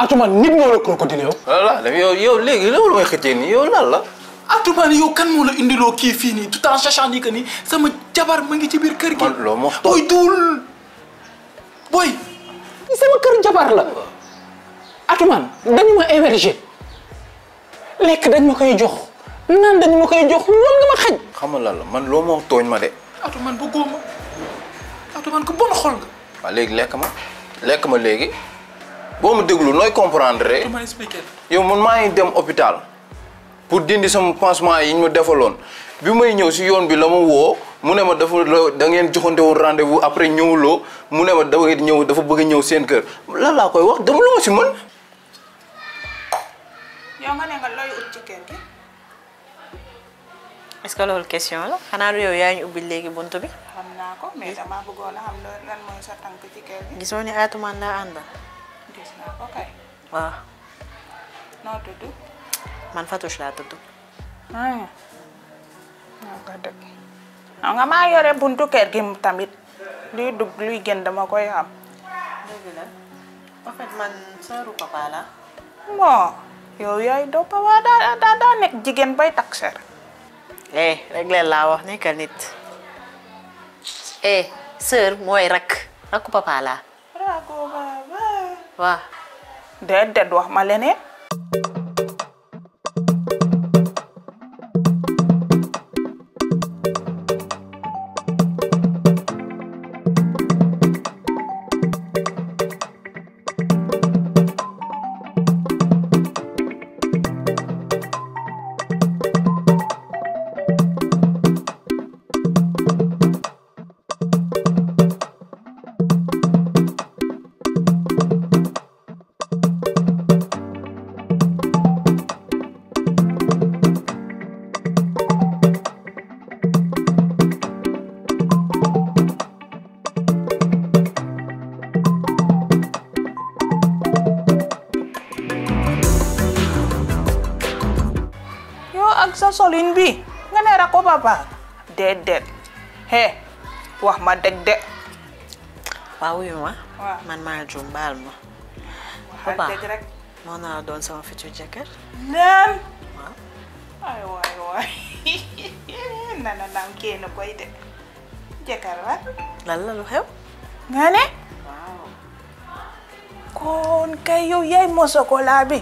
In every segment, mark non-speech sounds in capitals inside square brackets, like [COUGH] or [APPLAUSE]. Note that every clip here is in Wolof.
Atoumane nit nga war a crocodile yow. voilà yow yow léegi loolu mooy xëccee nii yow lan la. Atoumane yow kan moo la indiloo kii fii nii tout en sachant ni que ni sama jabar ma ngi ci biir kër gi. man loo moo booy duul booy. sama kër jabar la. Atoumane dañu ma héberger lekk dañ ma koy jox naan dañ ma koy jox loolu nga la man loo moo tooñ ma de. Atoumane bëggoo ma Atoumane ko bon xol nga. waaw léegi lekk ma lekk ma léegi. boo ma déglu noy comprendre yow mon maa ngi dem hôpital pour dindi sama pansement yi ñu ma defaloon bi may ñëw si yoon bi la ma woo mu ne ma dafa da ngeen joxante woon rendez-vous après ñëwuloo mu ne ma dafa ñëw dafa bëgg a ñëw seen kër lan laa koy wax dama lu ma si mën. yow nga ne nga looy ut ci kër gi. est-ce que loolu question la xanaa du yow yaa ñu ubbi léegi bunt bi. xam ko mais dama xam lan sa ci kër gi. Ako kay. Ah. No dudu. Man fatush la dudu. Ay. No nah, ya. nah, gadak. Nah, Ang nga ya, ma yore buntu ker tamit. Luy dug luy gen dama koy am. Dëgg la. man sœuru papa la. Mo. Yow yaay do papa da da da nek jigen bay tak Eh, rek leen laa wax nekkal Eh, sir mooy rak. aku papala. la. Rakku Wah, da da do malene sa solin bi nga ne rako papa déedéet he wax ma dëgg de waaw wuyu ma man maa juum baal ma papa moo naa doon sama futur jëkkër naan waaw ay waay waay nana [LAUGHS] naam koy de jëkkër wat lan la lu xew nga ne kay yow yaay moo chocolat bi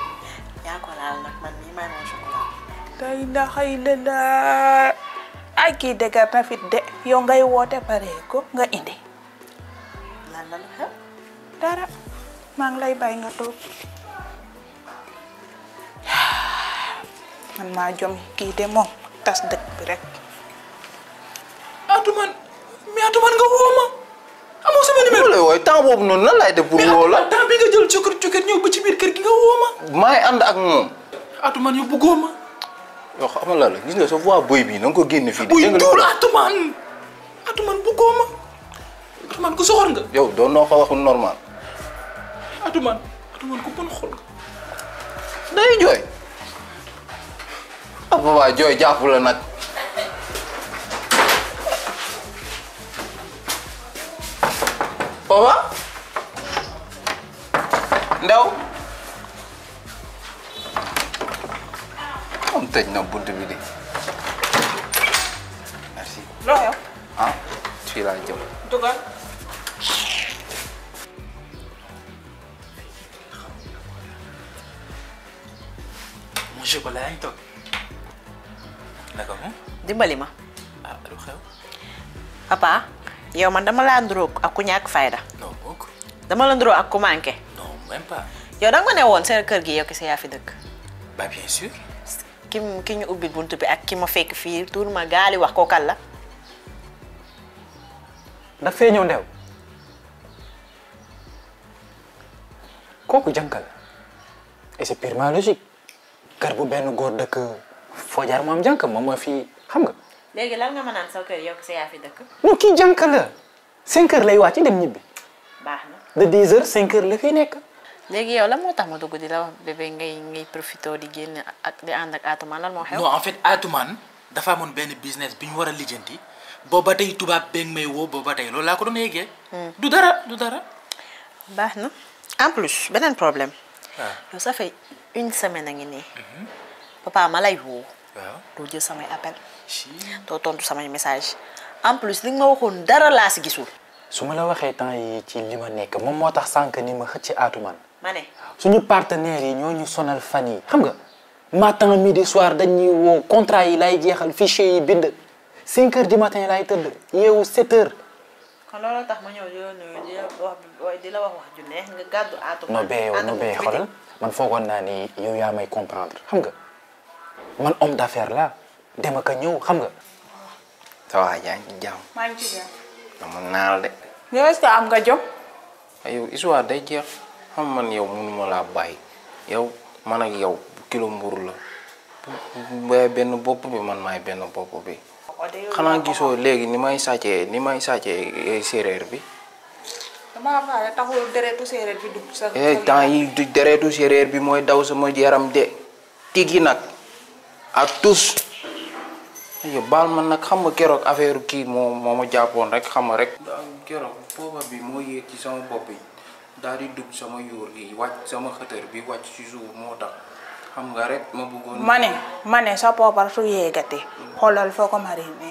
[LAUGHS] yaa ko nag man mii may moo chocolat la ilaha illallah aki daga tafit de yo ngay wote pare ko nga indi la la la dara mang lay bay nga toog man ma jom ki de moom tas dekk bi rek mi adu man nga woo amo amoo sama numéro lay way tan bobu non la lay def pour woo la temps bi nga jël cukkat cukkat ñew ba ci bir kër gi nga woo may and ak moom atuman yow bëggoo ma Yo, xamal la la gis nga sa voix boy bi nang ko ko fi di buy duul atuman atuman bu goma atuman ko soxor nga. yow do no ko waxu normal. atuman atuman ko bon xol day nah, joy apa wa joy jappu la No. papa. ndaw. tej no bunt bi de merci. loo xew. ah fii laa jëm. dugal. monsieur Bala yaa ngi toog. naka mu. dimbali ma. ah lu xew. papa yow man dama laa nduróog ak ku ñàkk fayda. non bokk. dama la nduróog ak ku manqué. non même pas. yow da nga bien sûr. quem ki ñu ubbil bunt bi ak ki ma fekk fii tuur ma gaali wax ko kan la. daf fee ñëw ndew kooku jànkal et c'est purement logique kër bu benn góor dëkk foo jaar moom jànk moom mooy fii xam nga. léegi lan nga ma naan sa kër yow sa yaa fi dëkk. non kii jànk la heures lay wàcc dem ñibbi. baax de dix heures cinq heures la fiy nekk. léegi yow lan moo tax di la wax bébé ngay ngay profité di génn ak di ànd ak Atoumane lan moo xew. non en fait Atoumane dafa amoon ben business bi wara war bo lijjanti booba tey tubaab beeg may woo booba tey loolu la ko doon yeggee. Hmm. du dara du dara. baax na en plus benen problème. waaw ah. yow ça fait une semaine ngi ni mhm. papa ma lay woo. do je sama appel. do tontu sama message en plus li nga waxone dara la ci gisul. suma la waxe temps yi ci lima nek mom motax sank ni ma xëcc Atoumane. mané suñu partenaire yi ñoo ñu sonal fan yi xam nga matin midi soir dañuy wo contrat yi lay jéxal fichier yi bind 5 h du matin lay teud yeewu 7 h kon loolu tax ma ñëw di nuyu di wax di la wax wax ju neex nga no be, no be, xoolal man foogoon naa ni yow yaa may comprendre xam nga man homme d'affaires la dem ak a xam nga sa waa jaa ngi ngi ci jàmm dama naal de est ce am nga jom histoire day jeex xam man yow mënuma la bay yow man ak yow kilo mbur la bay benn bop bi man may benn bop bi xana gisoo léegi ni may sàccee ni may sàccee eh, séeréer bi dama fa taxul deretu séeréer bi dugg sa eh, temps yi deretu séeréer bi moy daw sama yaram de tigi nak, a tous yow bal man nak xam kérok keroog affaire kii mo moo rek xam rek kérok booba bi moo yéeg ci sama bop bi daal di dugg sama yóor gi wàcc sama xëtër bi wàcc si suuf moo tax xam nga rek ma bëggoon. ma ne ma ne sa poobar su yeegatee. xoolal foo ko marine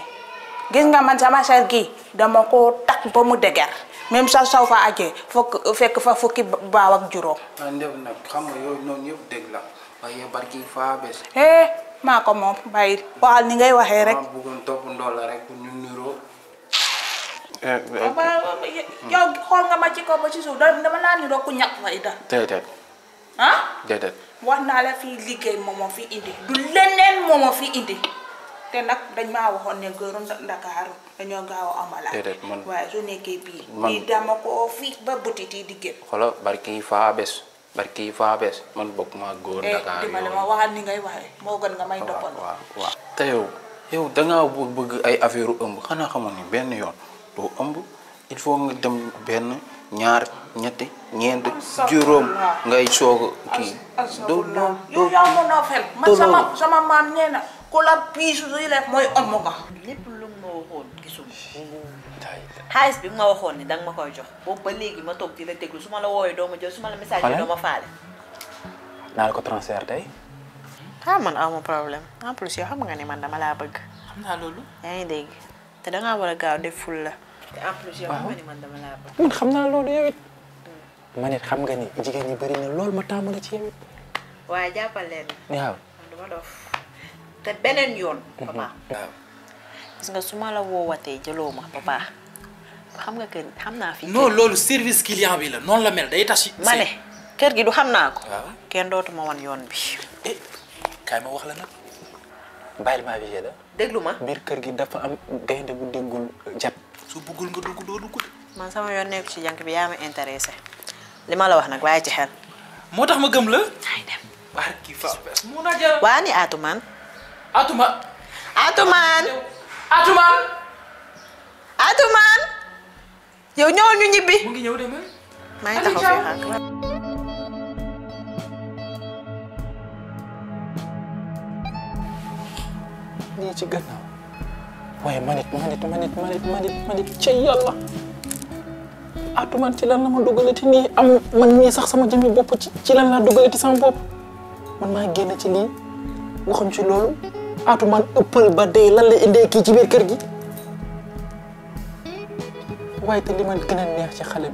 gis nga man sama ser gi dama ko takk ba mu dëgër même sa saw fa ajee fokk fekk fa fukki baaw ak juróom. ah nag xam nga yooyu noonu yëpp dégg la waaye barki faa bes. eh maa moom bàyyi waxal ni ngay waxee rek. bëggoon topp ndoo rek ñu niroo. yow xool nga ma ci kaw ba ci suuf dama laa niroo ku ñàkk fayda. déedéet. ah. déedéet. wax naa la fii liggéey moom moo fi indi du leneen moom moo fi indi te nag dañ maa waxoon ne góoru Ndakaaru dañoo gaaw a amala. déedéet man waaye su nekkee bii. man lii dama ko fii ba butit yi di génn. xoolal barki faa bés. barki faa bés man bokkuma eh, ak góor Ndakaar yooyu dama la waxal ni ngay waxee moo gën nga may toppal. waaw waaw te yow yow da ngaa bëgg ay affaire ëmb xanaa xamoon ni benn yoon. doo ëmb il faut nga dem benn ñaar ñetti ñeent juróom ngay soog a kii. doo doo doo yow mën naa fen lépp lu ma waxoon gisuma. xaalis bi ma waxoon ni danga ma koy jox boobu ba léegi ma toog di la déglu su ma la wooyee doo ma jël su ma la message bi doo faale. naa la ko transfert tey. ah man aw ma problème en plus yoo xam nga ne man dama laa bëgg. xam naa loolu. yaa ngi dégg te dangaa war a gaaw def ful la. te ah, en plus xam ah, man dama xam naa loolu yow it. xam nga ni jigéen ñi bëri na lool ma taamu la ci yow it. waaye jàppal leen. waaw te beneen yoon. Mhm. papa waaw. su ma la woowatee jëloo ma papa xam nga kër xam naa fi. non loolu service client bi la noonu la mel day tax ma ne kër gi du xam naa ko. kenn dootuma wan yoon bi. eh kaay ma wax la nag. bàyyil ma avisé la. déglu ma biir kër gi dafa am gaynde bu déggul jat soo bëggul nga dugg doo dugg man sama yoon ci jank bi yama intéressé li ma la wax nak waaye ci xel motax ma gëm la ay dem barki fa mo na ja wani atuman atuma atuman atuman atuman yow ñoo ñu ñibi mu ngi ñew de ma maa ngi taxaw fi xànk ni ci gannaaw Wah, manit, manit, manit, manit, manit, manit, ca ya yàlla man, ci lan la ma dugalati nii am man mii sax sama jëmmi bopp ci lah lan laa dugalati sama bopp man maa génn ci lii waxuñ ci loolu atuman ëppal ba dee lan la indee kii ci biir kër gi waaye te li ma gën a neex ci bi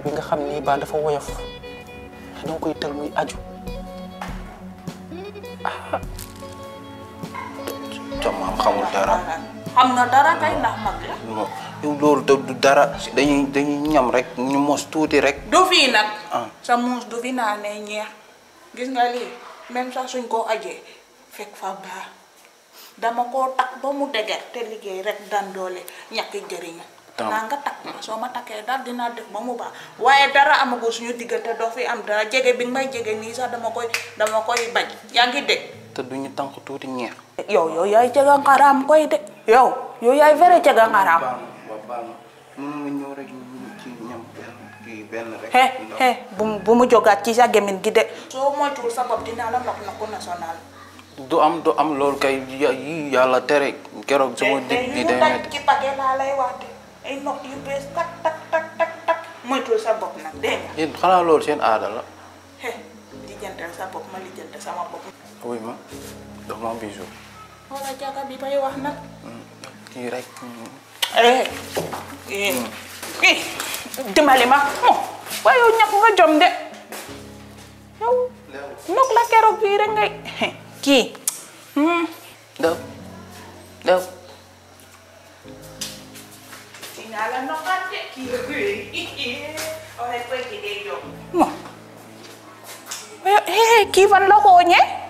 bi bi nga xam ni baa dafa woyof da nga koy muy aju ah am xamul darah, xam darah dara kay ndax mag la yow ya? loolu ya te du dara dañuy dañuy ñam rek ñu mos tuuti rek du fii nag ah. sa muus du ya. tak ba mu deger dan dole ñàkki jëriñu tak so soo ma takkee daal dinaa def ba mu baax waaye dara amagul suñu diggante doo fi am dara jege bi nga may jege nii sax dama koy dama koy bañ yaa yo yo yai cegang karam koi de yo yo yai vere cegang karam he he bu mu jogat ci sa gemin gi de mo moytuwul sa bopp dina la nok nokku national du am du am lol kay yàlla tere ci mo dig di iya, de ci pake la lay wate eh, ay nok yu bes tak tak tak tak tak moytuwul sa bopp nak de nga iya, xala lol sen ada la he di jëntal sa bopp ma li jëntal sama bopp oui ma Doma bisu. Hola oh, jaga bi payo Ahmad. Hmm, direk. Eh. Eh. Eh. Dimbali ma. Mo. Oh, Wayo ñak nga jom de. Yow. Nok la kérok bi rek ngay. Ki. Hmm. Daw. Daw. Sinala nokat de ki. Oleh pergi de jom. Mo. Hei, ki van lo ko nye?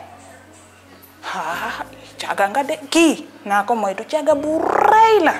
ah caaga nga de kii naa ko moytu caaga bu rëy la.